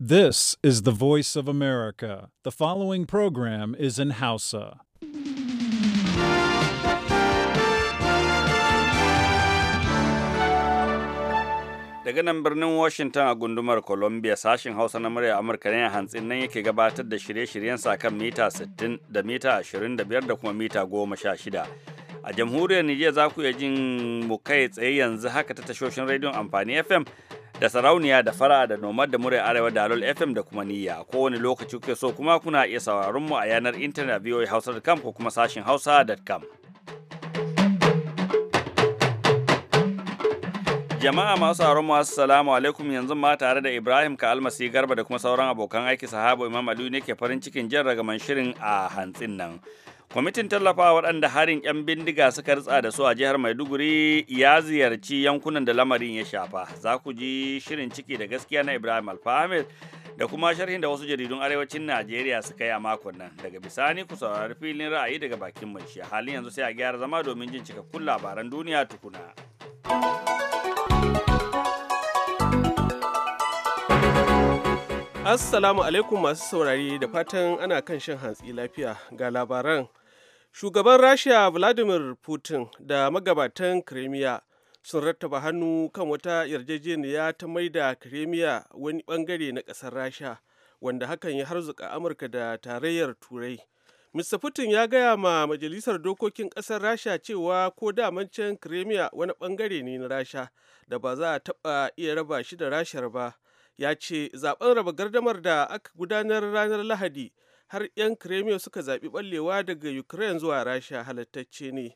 This is the voice of America. The following program is in Hausa. Daga nan birnin Washington a gundumar Columbia sashen Hausa na murya Amurka ne hantsin nan yake gabatar da shirye-shiryen kan mita 60 da mita 25 da kuma mita 16. a jamhuriyar Nijar za ku iya jin mu kai tsaye yanzu haka ta tashoshin rediyon amfani FM da sarauniya da fara da nomad da murai arewa da alol fm da kuma niyya kowane lokaci kuke so kuma kuna iya sauraron mu a yanar intanet voa hausa.com ko kuma sashin hausa.com jama'a masu sauraron mu assalamu alaikum yanzu ma tare da ibrahim ka almasi garba da kuma sauran abokan aiki sahabo imam aliyu ne ke farin cikin jan ragaman shirin a hantsin nan kwamitin tallafawa waɗanda harin 'yan bindiga suka ritsa da su a jihar maiduguri ya ziyarci yankunan da lamarin ya shafa za ku ji shirin ciki da gaskiya na ibrahim alfahamid da kuma sharhin da wasu jaridun arewacin najeriya suka yi a makon nan daga bisani ku saurari filin ra'ayi daga bakin mai shi halin yanzu sai a gyara zama domin jin cikakkun labaran duniya tukuna assalamu alaikum masu saurari da fatan ana kan shan hantsi lafiya ga labaran shugaban rasha vladimir putin da magabatan kremiya sun rattaba hannu kan wata yarjejeniya ta mai da kremiya wani bangare na kasar rasha wanda hakan ya harzuka amurka da tarayyar turai mr putin ya gaya ma majalisar dokokin ƙasar rasha cewa ko daman can kremiya wani bangare ne na rasha da ba za a taɓa iya raba shi da rashar ba ya ce zaben raba gardamar da aka gudanar ranar lahadi har 'yan kremio suka zaɓi ɓallewa daga ukraine zuwa rasha halittacce ne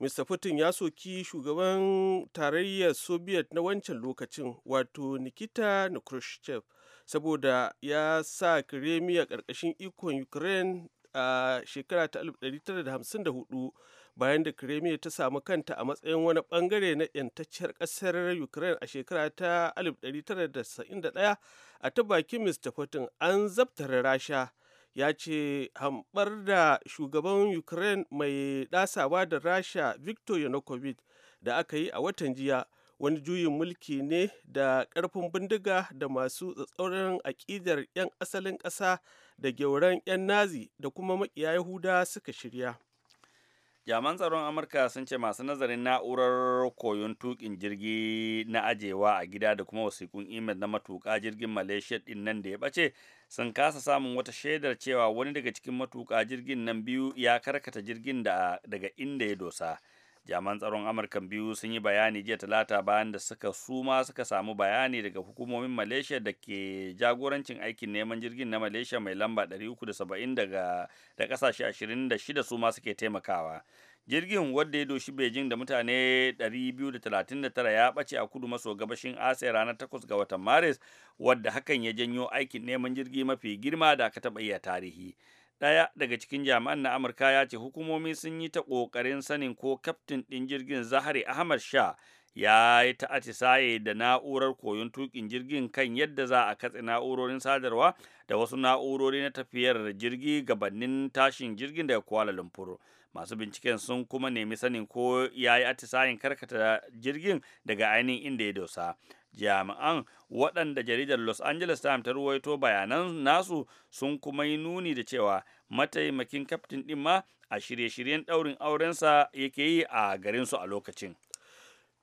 mr putin ya soki shugaban tarayyar soviet na wancan lokacin wato nikita nikrushchev saboda ya sa kremia ƙarƙashin ikon ukraine a shekara ta 1954 bayan da kremia ta samu kanta a matsayin wani bangare na 'yantacciyar ƙasar ukraine a shekara ta 1991 a ta bakin mr putin an zabtar rasha ya ce hambar da shugaban ukraine mai dasawa da rasha victor yanukovych da aka yi a watan jiya wani juyin mulki ne da karfin bindiga da masu tsatsauran aƙidar 'yan asalin ƙasa da gyauran 'yan nazi da kuma maƙiya yahuda suka shirya jaman tsaron amurka sun ce masu nazarin na'urar koyon tukin jirgi na ajewa a gida da kuma wasikun imel na matuƙa jirgin malaysia din nan da ya ɓace sun kasa samun wata shaidar cewa wani daga cikin matuka jirgin nan biyu ya karkata jirgin daga inda ya dosa jaman tsaron amurka biyu sun yi bayani jiya talata bayan da suka suma suka samu bayani daga hukumomin malaysia da ke jagorancin aikin neman jirgin na malaysia mai lamba 370 da kasashe 26 suma suke taimakawa jirgin wadda ya doshi beijing da mutane 239 ya ɓace a kudu maso gabashin asiya ranar 8 ga watan maris wadda hakan ya janyo aikin neman jirgi mafi girma da aka taɓa yi a tarihi Ɗaya daga cikin jami'an na Amurka ya ce hukumomi sun yi ta ƙoƙarin sanin ko kaftin ɗin jirgin Zahari Ahmad Shah ya yi ta atisaye da na'urar koyon tukin jirgin kan yadda za a katse na'urorin sadarwa da wasu na'urori na tafiyar jirgi gabanin tashin jirgin daga Kuala Lumpur. Masu binciken sun kuma nemi sanin ko ya yi atisayen karkata jirgin daga ainihin inda ya dosa. jami'an waɗanda jaridar los angeles times ta ruwaito bayanan nasu sun kuma yi nuni da cewa mataimakin kaftin ɗin ma a shirye-shiryen ɗaurin aurensa yake yi a garinsu a lokacin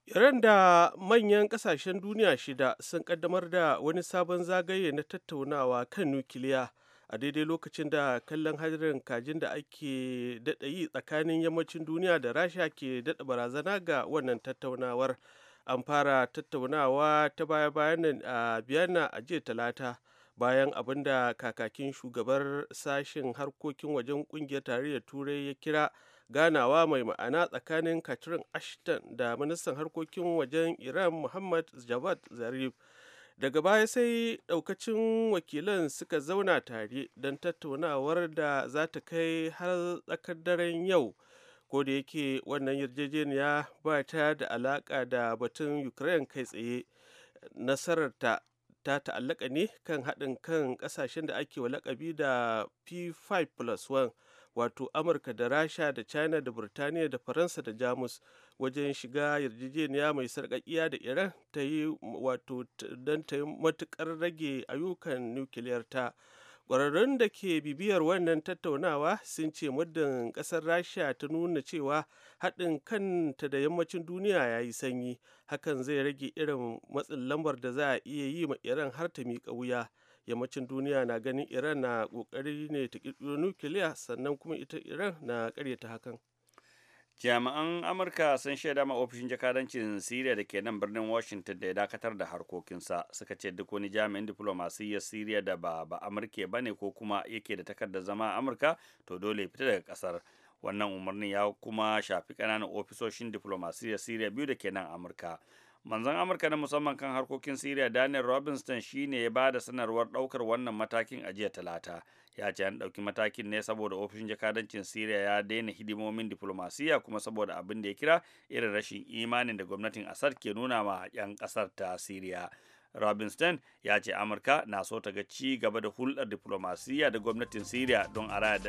iran da manyan ƙasashen duniya shida sun ƙaddamar da wani sabon zagaye na tattaunawa kan nukiliya a daidai lokacin da kallon hadirin kajin da ake daɗa yi tsakanin yammacin duniya da rasha ke daɗa barazana ga wannan tattaunawar an fara tattaunawa ta baya-bayan nan a biyana a jiya talata bayan abin da kakakin shugabar sashen harkokin wajen kungiyar tarayyar turai ya kira ganawa mai ma'ana tsakanin katrin ashton da ministan harkokin wajen iran muhammad javad zarif daga baya sai daukacin wakilan suka zauna tare don tattaunawar da za ta kai har tsakar daren yau ko da yake wannan yarjejeniya ba ta da alaka da batun ukraine kai tsaye nasarar ta ta ta'allaka ne kan haɗin kan ƙasashen da ake walakabi da p5 plus 1 wato amurka da rasha da china da burtaniya da faransa da jamus wajen shiga yarjejeniya mai sarƙaƙiya da iran ta yi wato don ta yi matuƙar rage ayyukan nukiliyar ta Ƙwararrun da ke bibiyar wannan tattaunawa sun ce muddin ƙasar Rasha ta nuna cewa haɗin kanta da yammacin duniya ya yi sanyi, hakan zai rage irin matsin lambar da za a iya yi ma Iran har ta miƙa wuya. yammacin duniya na ganin iran na ƙoƙari ne ta ƙirƙiro nukiliya sannan kuma ita iran na karyata hakan jami'an amurka sun shaida ma ofishin jakadancin siriya da ke nan birnin washington da ya dakatar da harkokinsa suka ce duk wani jami'in diflomasiyyar siriya da ba ba amurke ba ne ko kuma yake da takardar zama a amurka to dole fita daga kasar wannan umarnin ya kuma shafi kananan ofisoshin diflomasiyyar siriya biyu da ke nan amurka manzon amurka na musamman kan harkokin siriya daniel robinson ne ya ba da sanarwar ɗaukar wannan matakin a jiya talata ya ce an ɗauki matakin ne saboda ofishin jakadancin siriya ya daina hidimomin diplomasiya kuma saboda abin da ya kira irin rashin imanin da gwamnatin assad ke nuna ma 'yan kasar ta siriya Robinstein ya ce Amurka na so ta ga ci gaba da hulɗar diplomasiya da gwamnatin Siriya don a raya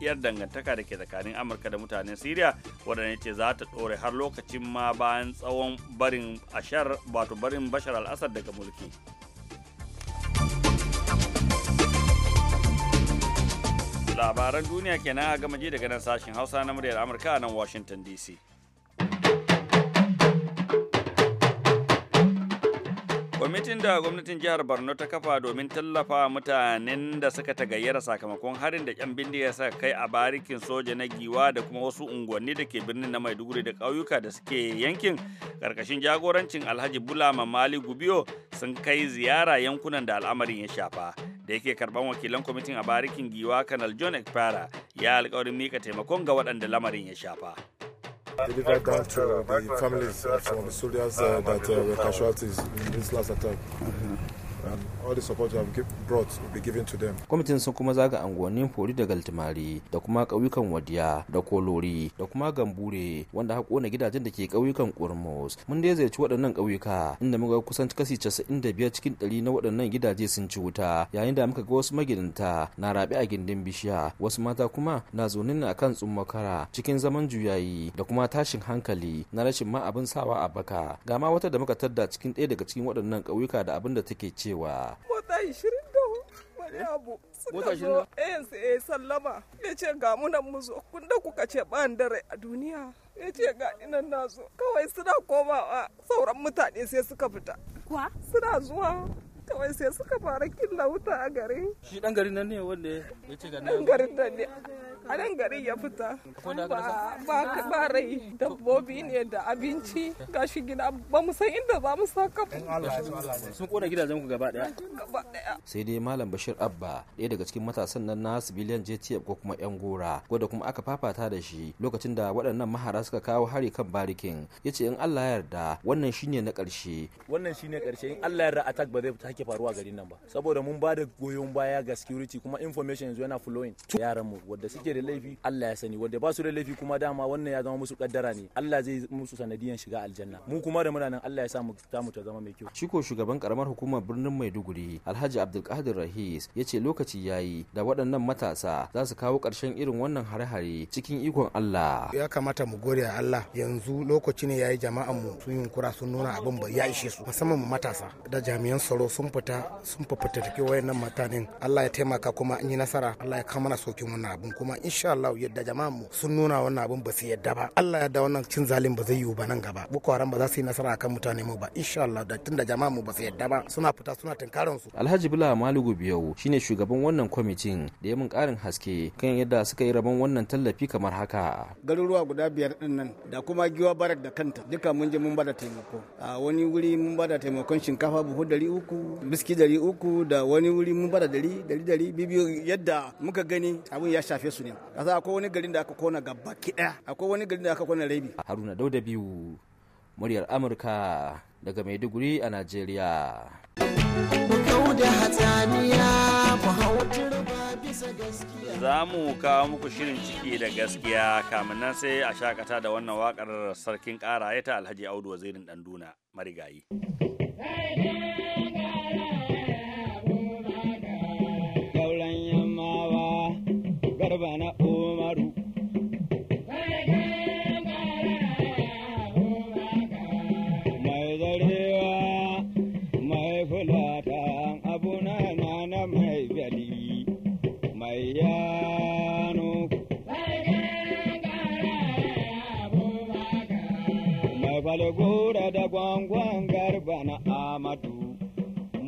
yar dangantaka da ke tsakanin Amurka da mutanen Siriya waɗanda ce za ta ɗore har lokacin ma bayan tsawon barin ashar wato barin Bashar al daga mulki. Labaran duniya kenan a gama daga nan sashen Hausa na muryar Amurka nan Washington DC. Kwamitin da gwamnatin jihar Borno ta kafa domin tallafa mutanen da suka tagayyara sakamakon harin da yan bindiga suka kai a barikin soja na giwa da kuma wasu unguwanni da ke birnin na Maiduguri da ƙauyuka da suke yankin ƙarƙashin jagorancin Alhaji Bulama Mali Gubiyo sun kai ziyara yankunan da al'amarin ya shafa. Da yake karban wakilan kwamitin a barikin giwa Kanal John Ekpara ya alƙawarin mika taimakon ga waɗanda lamarin ya shafa. delivered down to the families of some of the soldiers uh, that uh, were casualties in this last attack. Mm -hmm. all the support you have brought will be given to them. Kwamitin sun kuma zaga anguwannin Fori da Galtimari da kuma ƙauyukan Wadiya da Kolori da kuma Gambure wanda ha na gidajen da ke ƙauyukan Kurmos. Mun dai ci waɗannan ƙauyuka inda muka kusan kasi 95 cikin ɗari na waɗannan gidaje sun ci wuta yayin da muka ga wasu magidanta na raɓe a gindin bishiya wasu mata kuma na zaune ne akan tsummakara cikin zaman juyayi da kuma tashin hankali na rashin ma abin sawa a baka. Ga ma wata da muka tadda cikin ɗaya daga cikin waɗannan ƙauyuka da abin da take cewa mota 24 wani eh? abu suka zo ANC eh, ya sallama ya ce ga munan mu kun da kuka ce ban dare a duniya ya ce ga inan na kawai suna komawa sauran mutane sai suka fita kuwa suna zuwa kawai sai suka fara killa wuta a gari shi dan garin nan ne wanda ya ce ga nan garin nan ne a nan gari ya fita ba rai dabbobi ne da abinci shi gida ba mu san inda za mu saka sun kona gidajen ku gaba daya sai dai malam bashir abba daya daga cikin matasan nan na civilian jtf ko kuma yan gora wadda kuma aka fafata da shi lokacin da waɗannan mahara suka kawo hari kan barikin ya ce in allah ya yarda wannan shine na ƙarshe wannan shine ƙarshe in allah ya yarda attack ba zai sake faruwa garin nan ba saboda mun ba da goyon baya ga security kuma information yanzu yana flowing yaran mu wadda suke da laifi Allah ya sani wanda ba su da laifi kuma dama wannan ya zama musu kaddara ne Allah zai musu sanadiyan shiga aljanna mu kuma da muna nan Allah ya sa mu ta mu ta zama mai kyau shiko shugaban karamar hukumar birnin Maiduguri Alhaji Abdulkadir Rahis ya ce lokaci yayi da waɗannan matasa za su kawo ƙarshen irin wannan hare-hare cikin ikon Allah ya kamata mu gode a Allah yanzu lokaci ne yayi jama'an mu sun yunkura sun nuna abin ba ya ishe su musamman matasa da jami'an tsaro sun fita sun fafata take wayannan mutanen Allah ya taimaka kuma an yi nasara Allah ya kama na sokin wannan abin kuma insha Allah yadda jama'an mu sun nuna wannan abin ba su yadda ba Allah yadda wannan cin zalim ba zai yiwu ba nan gaba Boko Haram ba za su yi nasara akan mutane mu ba insha Allah da tunda jama'an mu ba su yadda ba suna fita suna tunkaran su Alhaji Bula Malugu Biyau shine shugaban wannan kwamitin da ya mun karin haske kan yadda suka yi rabon wannan tallafi kamar haka garuruwa guda biyar din nan da kuma giwa barak da kanta duka mun je mun bada taimako a wani wuri mun bada taimakon shinkafa buhu dari uku biski dari uku da wani wuri mun bada dari dari dari bibiyo yadda muka gani abin ya shafe su ne kasa akwai wani garin da aka kona ga baki daya. akwai wani garin da aka kona rabi haruna dauda biyu muryar amurka daga maiduguri a najeriya za mu kawo muku shirin ciki da gaskiya kamin nan sai a shakata da wannan wakar sarkin ya ta alhaji audu wazirin danduna marigayi garba na umaru mai zarewa mai fulata abuna na mai bali mai yano mai falgora da gwangwan garba na amadu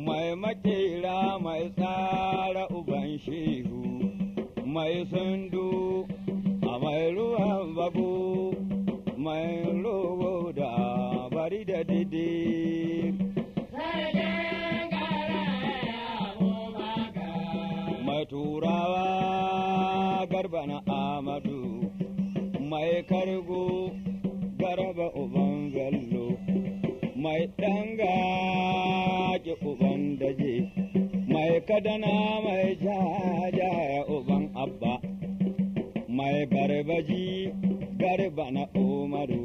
mai makera mai tsara uban shehu mai sandu a mai ruwan babu mai robo da bari da didi mai turawa garba na amadu mai kargo garba uban gallo mai danga ki uban daje mai kadana mai jaja uban mai garba garba na umaru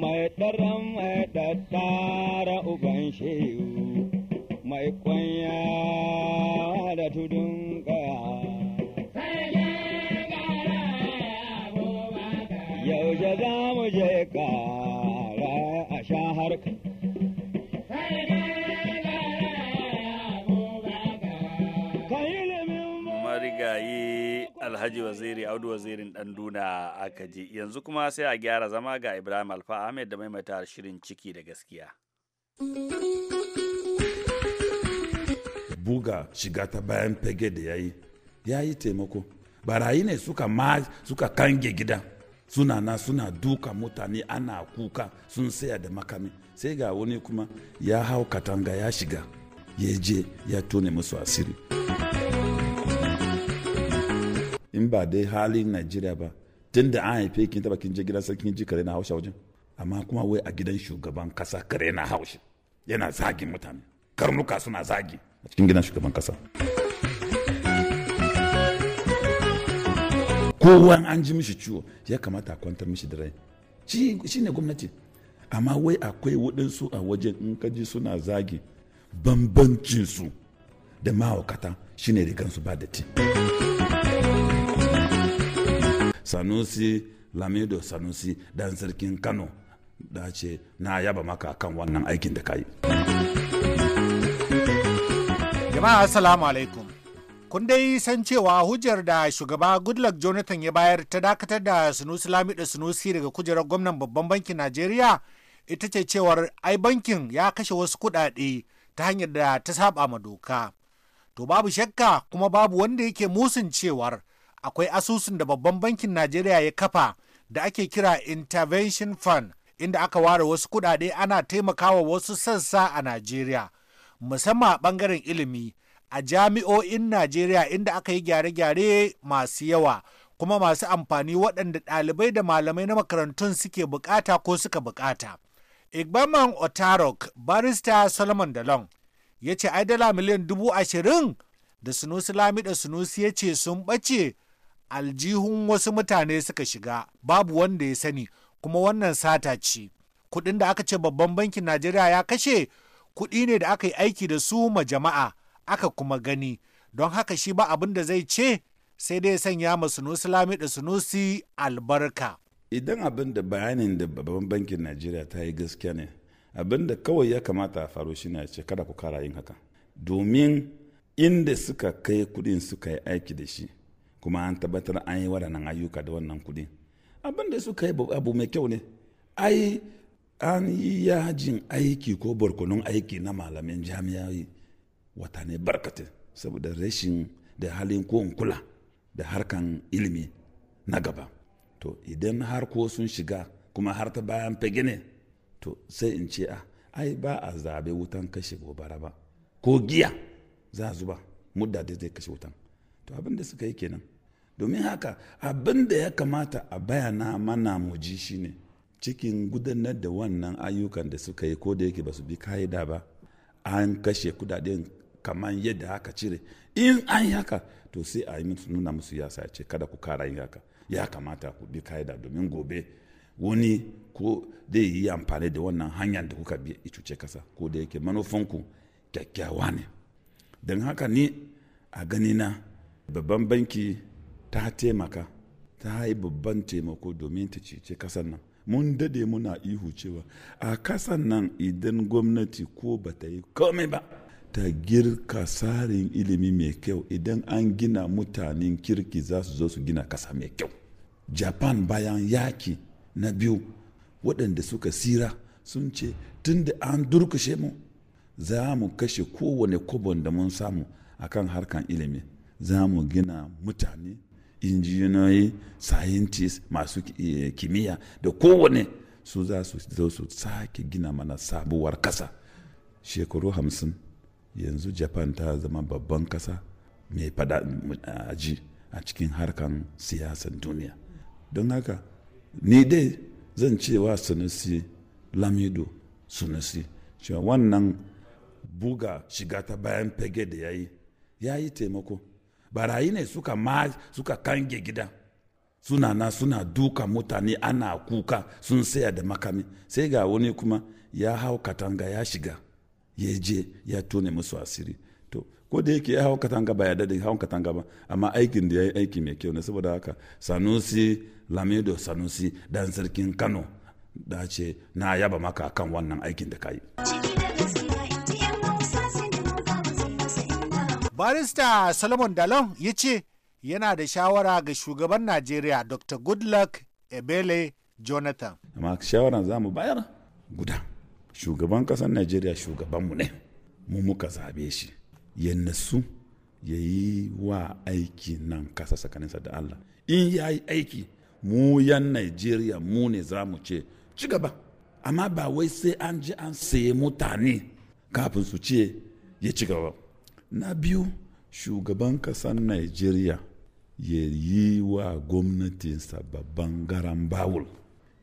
mai daren mai dattara uban shehu mai kwanya da tudun kaya yaushe za mu je kara a shahar marigayi alhaji waziri audu wazirin ɗanduna aka ji yanzu kuma sai a gyara zama ga ibrahim alfa ahmed da maimaita shirin ciki da gaskiya buga shiga ta bayan fage da yayi yayi taimako barayi ne suka ma suka kange gida suna na suna duka mutane ana kuka sun saya da makami sai ga wani kuma ya hau katanga ya shiga ya je ya tone musu asiri. in ba dai halin najeriya ba tun da an haife kin taba kin je gidan sarki ji kare na hausha wajen amma kuma wai a gidan shugaban kasa kare na hausha yana zagin mutane karnuka suna zagi a cikin gidan shugaban kasa kowa an ji mishi ciwo ya kamata a kwantar mishi da rai shi ne gwamnati amma wai akwai waɗansu a wajen in ka ji suna zagi bambancinsu da mahaukata shine rigansu ba datti. sanusi lamido sanusi dan sarkin kano da ce na yaba maka kan wannan aikin da kayi jama'a assalamu alaikum kun dai san cewa hujjar da shugaba goodluck jonathan ya bayar ta dakatar da sunusi lamido sunusi daga kujerar gwamnan babban bankin najeriya ita ce cewar ai bankin ya kashe wasu kuɗaɗe ta hanyar da ta saba ma doka to babu shakka kuma babu wanda yake musun cewar akwai asusun da babban bankin najeriya ya kafa da ake kira intervention fund inda aka ware wasu kudade ana taimakawa wasu sassa a najeriya musamman a bangaren ilimi a jami'o'in najeriya inda aka yi gyare-gyare masu yawa kuma masu amfani waɗanda ɗalibai da malamai na makarantun suke bukata ko suka bukata igbaman otarok barista solomon dalon ya ce ai dala miliyan dubu ashirin da sunusi lami da sunusi ya ce sun ɓace aljihun wasu mutane suka shiga babu wanda ya sani kuma wannan sata ce kuɗin da aka ce babban bankin najeriya ya kashe kuɗi ne da aka yi aiki da su ma jama'a aka kuma gani don haka shi ba abin da zai ce sai dai sanya ma sunusi lami da sunusi albarka idan abin da bayanin da babban bankin najeriya ta yi gaskiya ne abin da kawai ya kamata a faru shine a ce kada ku kara yin haka domin inda suka kai kuɗin suka yi aiki da shi kuma an tabbatar an yi waɗannan ayyuka da wannan kuɗi abin da suka yi abu mai kyau ne ai an yi yajin aiki ko barkonon aiki na malamin jami'ai watanni barkatin saboda rashin da halin ko kula da harkan ilimi na gaba to idan har ko sun shiga kuma har ta bayan fage ne to sai in ce a ah, ai ba a zabe wutan kashe gobara ba ko giya za zuba mudda da zai kashe wutan to abin da suka yi kenan domin haka abin da ya kamata a bayana mana mu ji shine cikin gudanar da wannan ayyukan da suka yi ko da yake ba su bi ka'ida ba an kashe kudaden kamar yadda haka cire in an yi haka to sai a yi nuna musu ya ce kada ku kara yin haka ya kamata ku bi ka'ida domin gobe wani ko zai yi amfani da wannan hanyar da kuka bi icuce kasa ko da yake manufanku kyakkyawa ne don haka ni a ganina babban banki ta taimaka ta yi babban taimako domin ta cece kasan nan mun dade muna ihu cewa a kasan nan idan gwamnati ko ba ta yi komai ba ta girka tsarin ilimi mai kyau idan an gina mutanen kirki za su zo su gina kasa mai kyau japan bayan yaki na biyu waɗanda suka sira sun ce tunda an durkushe mu za mu kashe kowane kobon da mun samu akan harkan ilimi za mu gina mutane injiniyoyi scientist masu eh, kimiyya da kowane su za su zo su sake gina mana sabuwar kasa shekaru hamsin yanzu japan ta zama babban kasa mai fada aji eh, a cikin harkan siyasan duniya don haka ni dai zan cewa sunusi lamido sunusi cewa wannan buga shiga ta bayan fage da ya yi ya yi taimako barayi ne suka ma suka kange gida suna na suna duka mutane ana kuka sun saya da makami sai ga wani kuma ya hau katanga ya shiga ya je ya tone musu asiri to ko da yake ya hau katanga ba ya dade hau katanga ba amma aikin da ya yi aiki mai kyau ne saboda haka sanusi lamido sanusi dan sarkin kano da ce na yaba maka kan wannan aikin da ka yi. barista solomon dalon ya ce yana da shawara ga shugaban najeriya dr goodluck ebele jonathan amma shawaran za mu bayar guda shugaban ƙasar najeriya shugabanmu ne mu muka zabe shi ya nasu ya yi wa aiki nan kasa tsakaninsa da allah in ya yi aiki mu yan najeriya mu ne za mu ce ci gaba amma ba wai sai an ji an saye mutane kafin su ce ya ci gaba na biyu shugaban kasar nigeria ya yi wa gwamnatinsa babban garan bawul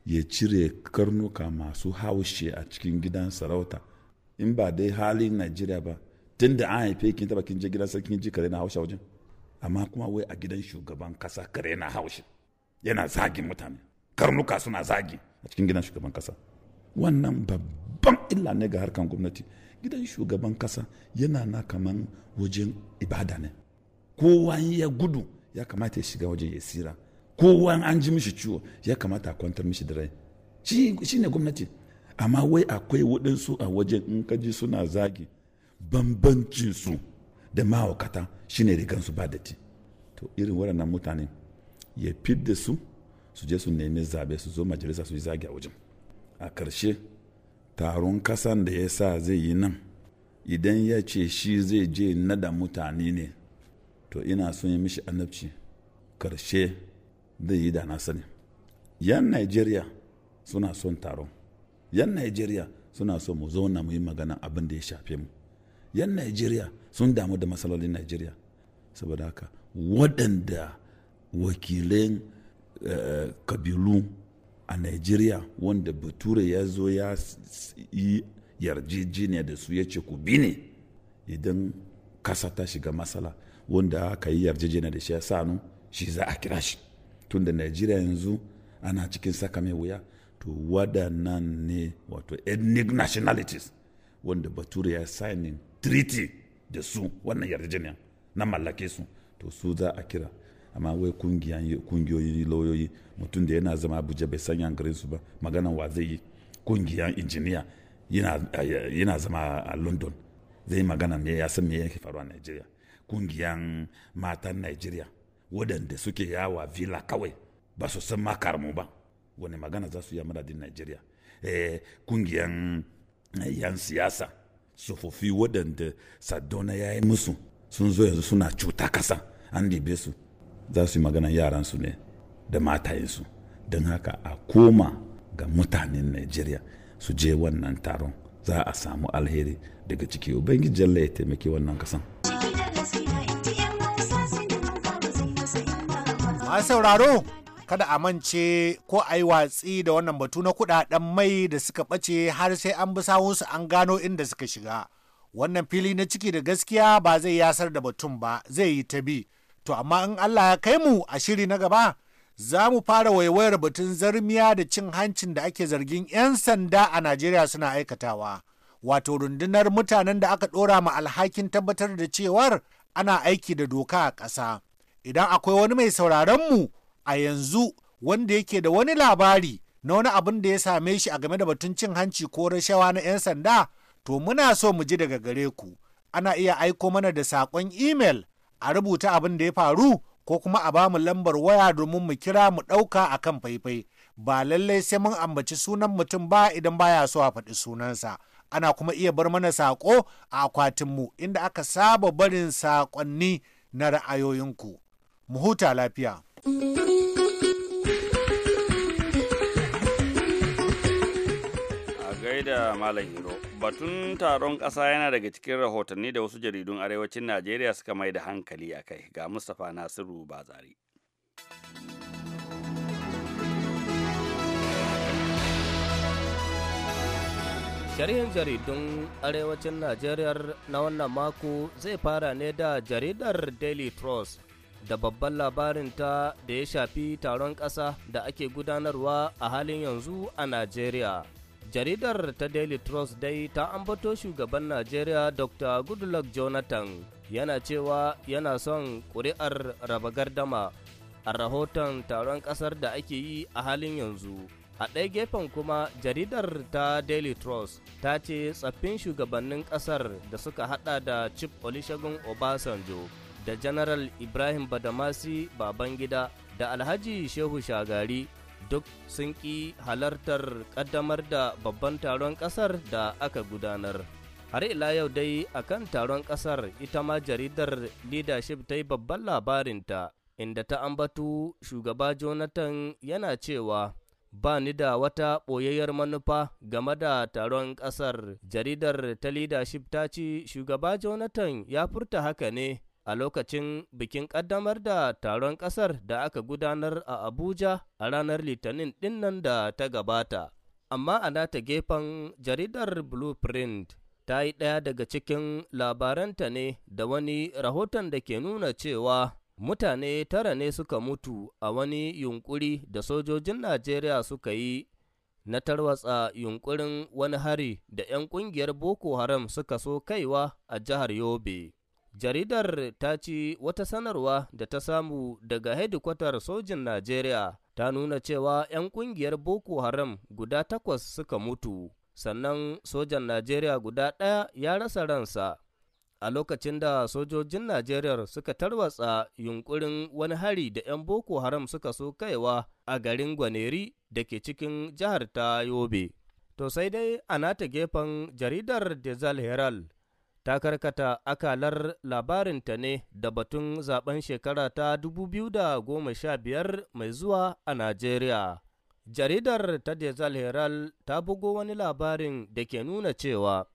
ya cire karnuka masu haushe a cikin gidan sarauta in ba dai halin najeriya ba tun da an haife kin taba kin je gidan sarki ji kare na haushe wajen amma kuma wai a gidan shugaban kasa kare na haushe yana zagin mutane karnuka suna zagi a cikin gidan shugaban kasa wannan babban babban illa ne ga harkan gwamnati gidan shugaban kasa yana na kaman wajen ibada ne kowa ya gudu ya kamata ya shiga wajen ya sira kowa an ji mishi ciwo ya kamata a kwantar mishi da rai shi ne gwamnati amma wai akwai waɗansu a wajen in kaji suna zagi bambancinsu da shi shine rigansu ba datti to irin waɗannan mutane ya fidda su su je su nemi zabe su zo majalisa su yi zagi a wajen a ƙarshe taron kasan da ya sa zai yi nan idan ya ce shi zai je nada mutane ne to ina son yi mishi annabci karshe zai yi da na sani yan nigeria suna son taron yan nigeria suna son mu zauna mu yi magana abin da ya shafe mu yan nigeria sun damu da matsalolin nigeria saboda haka waɗanda wakilan eh, kabilu a nigeria wanda bature ya zo ya yi yarjejeniya da su ya ce ku bi ne idan kasa ta shiga matsala wanda aka yi yarjejeniya da shi ya sanu shi za a kira shi Tunda da nigeria yanzu ana cikin saka mai wuya to waɗannan ne wato ethnic nationalities wanda bature ya signing treaty da su wannan yarjejeniya na mallake su to su za a kira amma wai kungiyoyi lauyoyi mutum da yana zama abuja bai san yankarin su ba magana wa zai yi kungiyan injiniya yana zama a london zai magana me ya san me yake faruwa nigeria kungiyan matan nigeria waɗanda suke yawa villa kawai ba su san makarmu ba wani magana za su yi madadin nigeria eh, kungiyan eh, yan siyasa tsofaffi waɗanda sadona ya yi musu sun zo yanzu suna cuta kasa an libe su za su yi maganan yaransu ne da matayensu don haka a koma ga mutanen nigeria su je wannan taron za a samu alheri daga ciki ubangiji jalla ya taimaki wannan kasan masu sauraro kada a mance ko a yi watsi da wannan batu na kudaden mai da suka ɓace har sai an bi su an gano inda suka shiga wannan fili na ciki da gaskiya ba zai yasar da batun ba zai yi ta bi To amma in Allah ya kai mu a shiri na gaba za mu fara waiwayar batun zarmiya da cin hancin da ake zargin 'yan sanda a Najeriya suna aikatawa. Wato rundunar mutanen da aka ɗora ma alhakin tabbatar da cewar ana aiki da doka a ƙasa. Idan akwai wani mai sauraron mu a yanzu wanda yake da wani labari na wani abin da ya same shi a game da batun cin hanci ko rashawa na 'yan sanda, to muna so mu ji daga gare ku. Ana iya aiko mana da saƙon imel a rubuta abin da ya faru ko kuma a bamu lambar waya domin mu kira mu ɗauka a kan faifai ba lallai sai mun ambaci sunan mutum ba idan baya so a faɗi sunansa ana kuma iya bar mana saƙo a akwatinmu inda aka saba barin saƙonni na ra'ayoyinku mu huta lafiya. da Malam Hiro. Batun taron ƙasa yana daga cikin rahotanni da wasu jaridun arewacin Najeriya suka mai da hankali a kai ga Mustapha Nasiru Bazari. Sharhin jaridun arewacin Najeriya na wannan mako zai fara ne da jaridar Daily Trust da babban labarinta da ya shafi taron ƙasa da ake gudanarwa a halin yanzu a Najeriya. jaridar ta daily trust dai ta ambato shugaban najeriya dr goodluck jonathan yana cewa yana son kuri'ar raba gardama a rahoton taron kasar da ake yi a halin yanzu a ɗaya gefen kuma jaridar ta daily trust ta ce tsaffin shugabannin ƙasar da suka hada da chief olusegun obasanjo da general ibrahim badamasi babangida da alhaji shehu shagari duk sun ƙi halartar ƙaddamar da babban taron ƙasar da aka gudanar. Har ila yau dai a kan taron ƙasar ita ma jaridar leadership ta yi babban labarinta inda ta ambatu shugaba Jonathan yana cewa ba ni da wata ɓoyayyar manufa game da taron ƙasar. Jaridar ta leadership ta ce shugaba Jonathan ya furta haka ne a lokacin bikin ƙaddamar da taron ƙasar da aka gudanar a Abuja a ranar Litinin dinnan da ta gabata. Amma a nata gefen jaridar Blueprint ta yi ɗaya daga cikin labaranta ne da wani rahoton da ke nuna cewa mutane tara ne suka mutu a wani yunƙuri da sojojin Najeriya suka yi na tarwatsa yunƙurin wani hari da 'yan ƙungiyar Boko Haram suka so kaiwa a jihar Yobe. Jaridar ta ci wata sanarwa da ta samu daga hedikwatar sojin Najeriya ta nuna cewa 'yan kungiyar Boko Haram guda takwas suka mutu, sannan sojan Najeriya guda ɗaya ya rasa ransa. A lokacin da sojojin Najeriya suka tarwatsa yunkurin wani hari da 'yan Boko Haram suka so kaiwa a garin Gwaneri da ke cikin jihar ta Yobe. To sai dai a nata gefen jaridar Dezal Herald ta karkata akalar labarinta ne da batun zaben shekara ta 2015 mai zuwa a Najeriya. Jaridar ta Dezal Herald ta bugo wani labarin da ke nuna cewa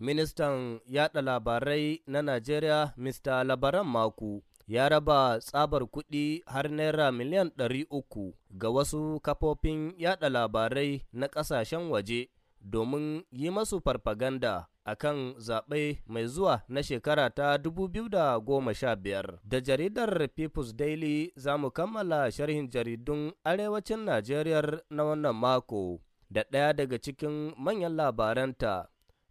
ministan yada labarai na Najeriya Mr. Labaran Maku ya raba tsabar kuɗi har naira miliyan 300 ga wasu kafofin yada labarai na ƙasashen waje domin yi masu farfaganda a kan zaɓe mai zuwa na shekara ta 2015. Da jaridar People's Daily za mu kammala sharhin jaridun Arewacin Najeriya na wannan mako da ɗaya daga cikin manyan labaranta.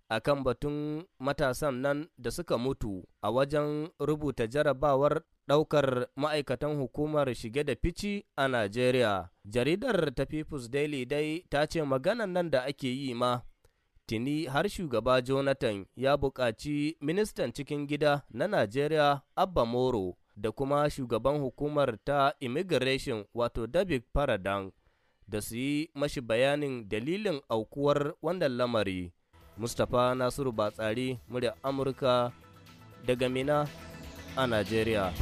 a kan batun matasan nan da suka mutu a wajen rubuta jarabawar ɗaukar ma'aikatan hukumar shige da fici a Najeriya. Jaridar ta People's Daily dai ta ce maganan nan da ake yi ma. Tini har shugaba Jonathan ya buƙaci ministan cikin gida na Najeriya Abba Moro da kuma shugaban hukumar ta Immigration wato David Paradang da su yi mashi bayanin dalilin aukuwar wannan lamari. mustapha nasiru batsari murya amurka daga mina a najeriya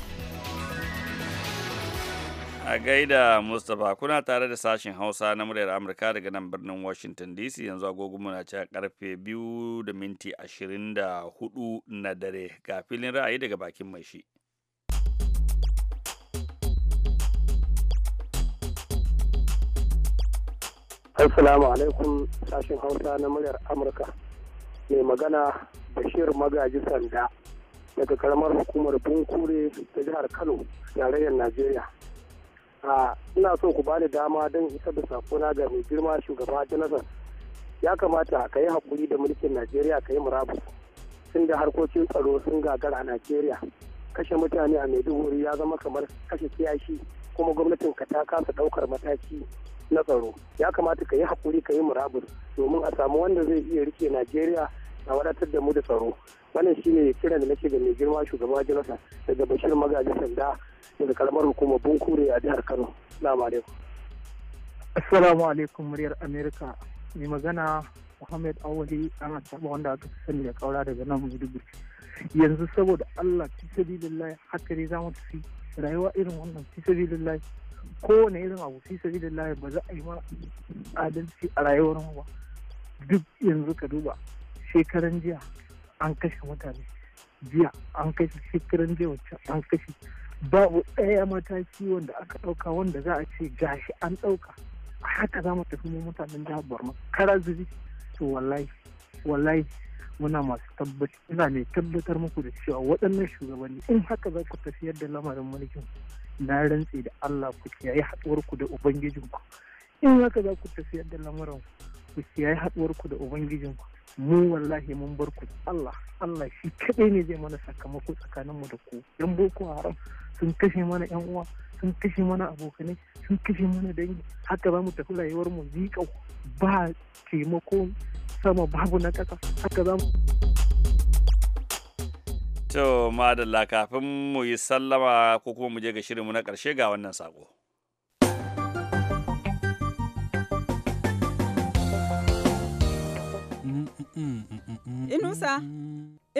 a gaida mustapha kuna tare da sashen hausa na muryar amurka daga nan birnin washington dc yanzu agogo muna ci karfe biyu da minti ashirin da hudu na dare ga filin ra'ayi daga bakin mai shi Assalamu alaikum sashen Hausa na muryar Amurka. Mai magana Bashir Magaji Sanda daga karamar hukumar Bunkure ta jihar Kano, tarayyar Najeriya. A ina so ku bani dama don isa da sakona ga mai girma shugaba Jonathan. Ya kamata ka yi haƙuri da mulkin Najeriya ka yi murabu Sun da harkokin tsaro sun gagara a Najeriya. Kashe mutane a Maiduguri ya zama kamar kashe kiyashi kuma gwamnatin ka ta kasa ɗaukar mataki na tsaro ya kamata ka yi hakuri ka yi murabur domin a samu wanda zai iya rike najeriya a wadatar da mu da tsaro wannan shine kiran da nake da mai girma shugaba jonathan daga bashir magaji sanda daga kalmar hukumar bunkure a jihar kano salamu alaikum assalamu alaikum muryar amerika mai magana Muhammad Awali ana taba wanda aka fi sani da kaura daga nan Maiduguri. Yanzu saboda Allah fi sabilillahi haka za mu tafi rayuwa irin wannan fi sabilillahi kowane irin abu sai sabi da lahi ba za a yi ma adalci a rayuwar mu ba duk yanzu ka duba shekaran jiya an kashe mutane jiya an kashe shekaran jiya wacce an kashe babu ɗaya mataki wanda aka ɗauka wanda za a ce gashi an ɗauka haka za mu tafi mu mutanen jihar borno kara zubi to wallahi wallahi muna masu tabbatar ina ne tabbatar muku da cewa waɗannan shugabanni in haka za ku tafiyar da lamarin mulkin na rantse da Allah ku kiyaye haɗuwarku da ubangijin ku in haka za ku tafiyar da lamuran ku kiyaye haɗuwarku da ubangijin ku mu wallahi mun bar ku Allah Allah shi kaɗai ne zai mana sakamako tsakaninmu da ku yan boko haram sun kashe mana yan uwa sun kashe mana abokanai sun kashe mana dangi haka za mu tafi rayuwar mu zikau ba taimako sama babu na ƙasa haka za mu To madalla kafin mu yi sallama ko kuma mu je ga shirinmu na ƙarshe ga wannan saƙo. Mm, mm, mm, Inusa.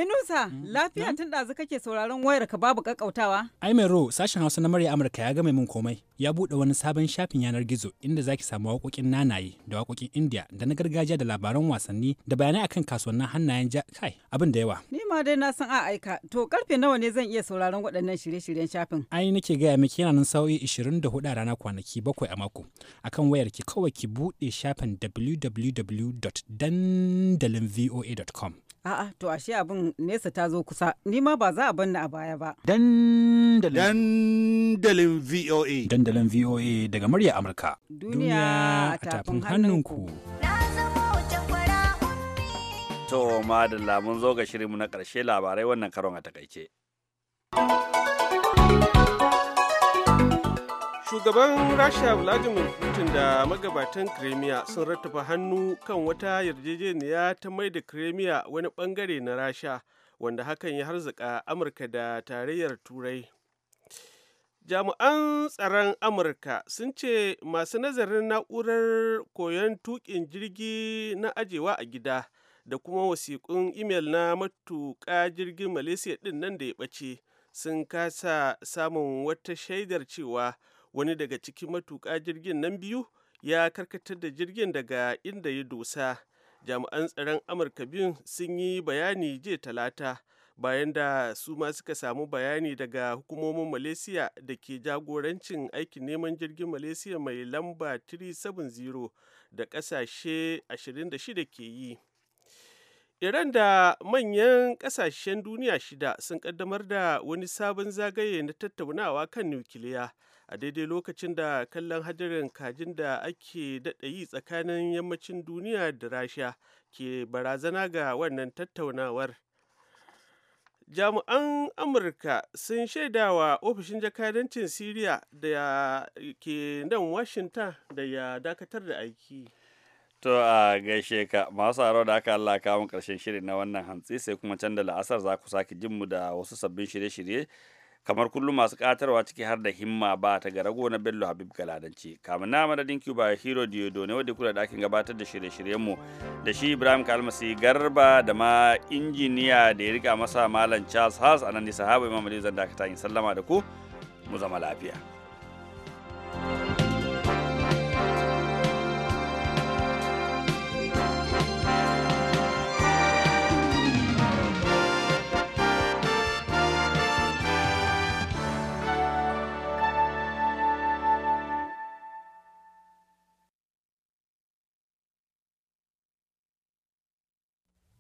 Inusa, mm, mm, lafiya mm. tun ɗazu kake sauraron wayar ka babu kakkautawa? Ai mai ro, sashen Hausa na murya Amurka ya gama min komai. Ya buɗe wani sabon shafin yanar gizo inda zaki samu waƙoƙin nanaye da waƙoƙin India da na gargajiya da labaran wasanni da bayanai akan kasuwannin hannayen ja kai abin da yawa. Ni ma dai na san a aika. To karfe nawa ne zan iya sauraron waɗannan shirye-shiryen shafin? Ai nake gaya miki yana nan sa'o'i 24 a rana kwanaki bakwai a mako. Akan wayar ki kawai ki buɗe shafin www.dandalinvoa.com. A'a to ashe abin nesa ta zo kusa nima ba za a banna a baya ba. Dandalin Dandalin VOA Dandalin VOA daga murya Amurka. Duniya a tafin hannunku. To madalla mun zo ga shirinmu na ƙarshe labarai wannan karon a takaice. shugaban rasha vladimir putin da magabatan crimea sun rattafa hannu kan wata yarjejeniya ta mai da crimea wani bangare na rasha wanda hakan ya harzuka amurka da tarayyar turai jami'an tsaron amurka sun ce masu nazarin na'urar koyon tukin jirgi na ajewa a gida da kuma wasiƙun imel na matuƙa jirgin malaysia ɗin nan da ya ɓace sun kasa samun wata shaidar cewa wani daga cikin matuƙa jirgin nan biyu ya karkatar da jirgin daga inda ya dosa jami'an tsaron amurka biyun sun yi bayani jiya talata bayan da su ma suka samu bayani daga hukumomin malaysia da ke jagorancin aikin neman jirgin malaysia mai lamba 370 da ƙasashe 26 ke yi iran da manyan ƙasashen duniya shida sun ƙaddamar da wani sabon zagaye na tattaunawa kan nukiliya a daidai lokacin da kallon hadirin kajin da ake daɗa yi tsakanin yammacin duniya da rasha ke barazana ga wannan tattaunawar jami'an amurka sun shaidawa ofishin jakadancin syria da ke nan washington da ya dakatar da aiki To a gaishe ka masu aro da aka Allah kawo karshen shirin na wannan hantsi sai kuma can da la'asar za ku sake jinmu da wasu sabbin shirye-shirye kamar kullum masu katarwa ciki har da himma ba ta ga rago na bello habib galadanci kamun na madadin cuba hero diodo ne wadda kula da ɗakin gabatar da shirye-shiryenmu da shi ibrahim kalmasi garba da ma injiniya da ya rika masa malam charles haas a nan nisa sahaba imam zan dakata in sallama da ku mu zama lafiya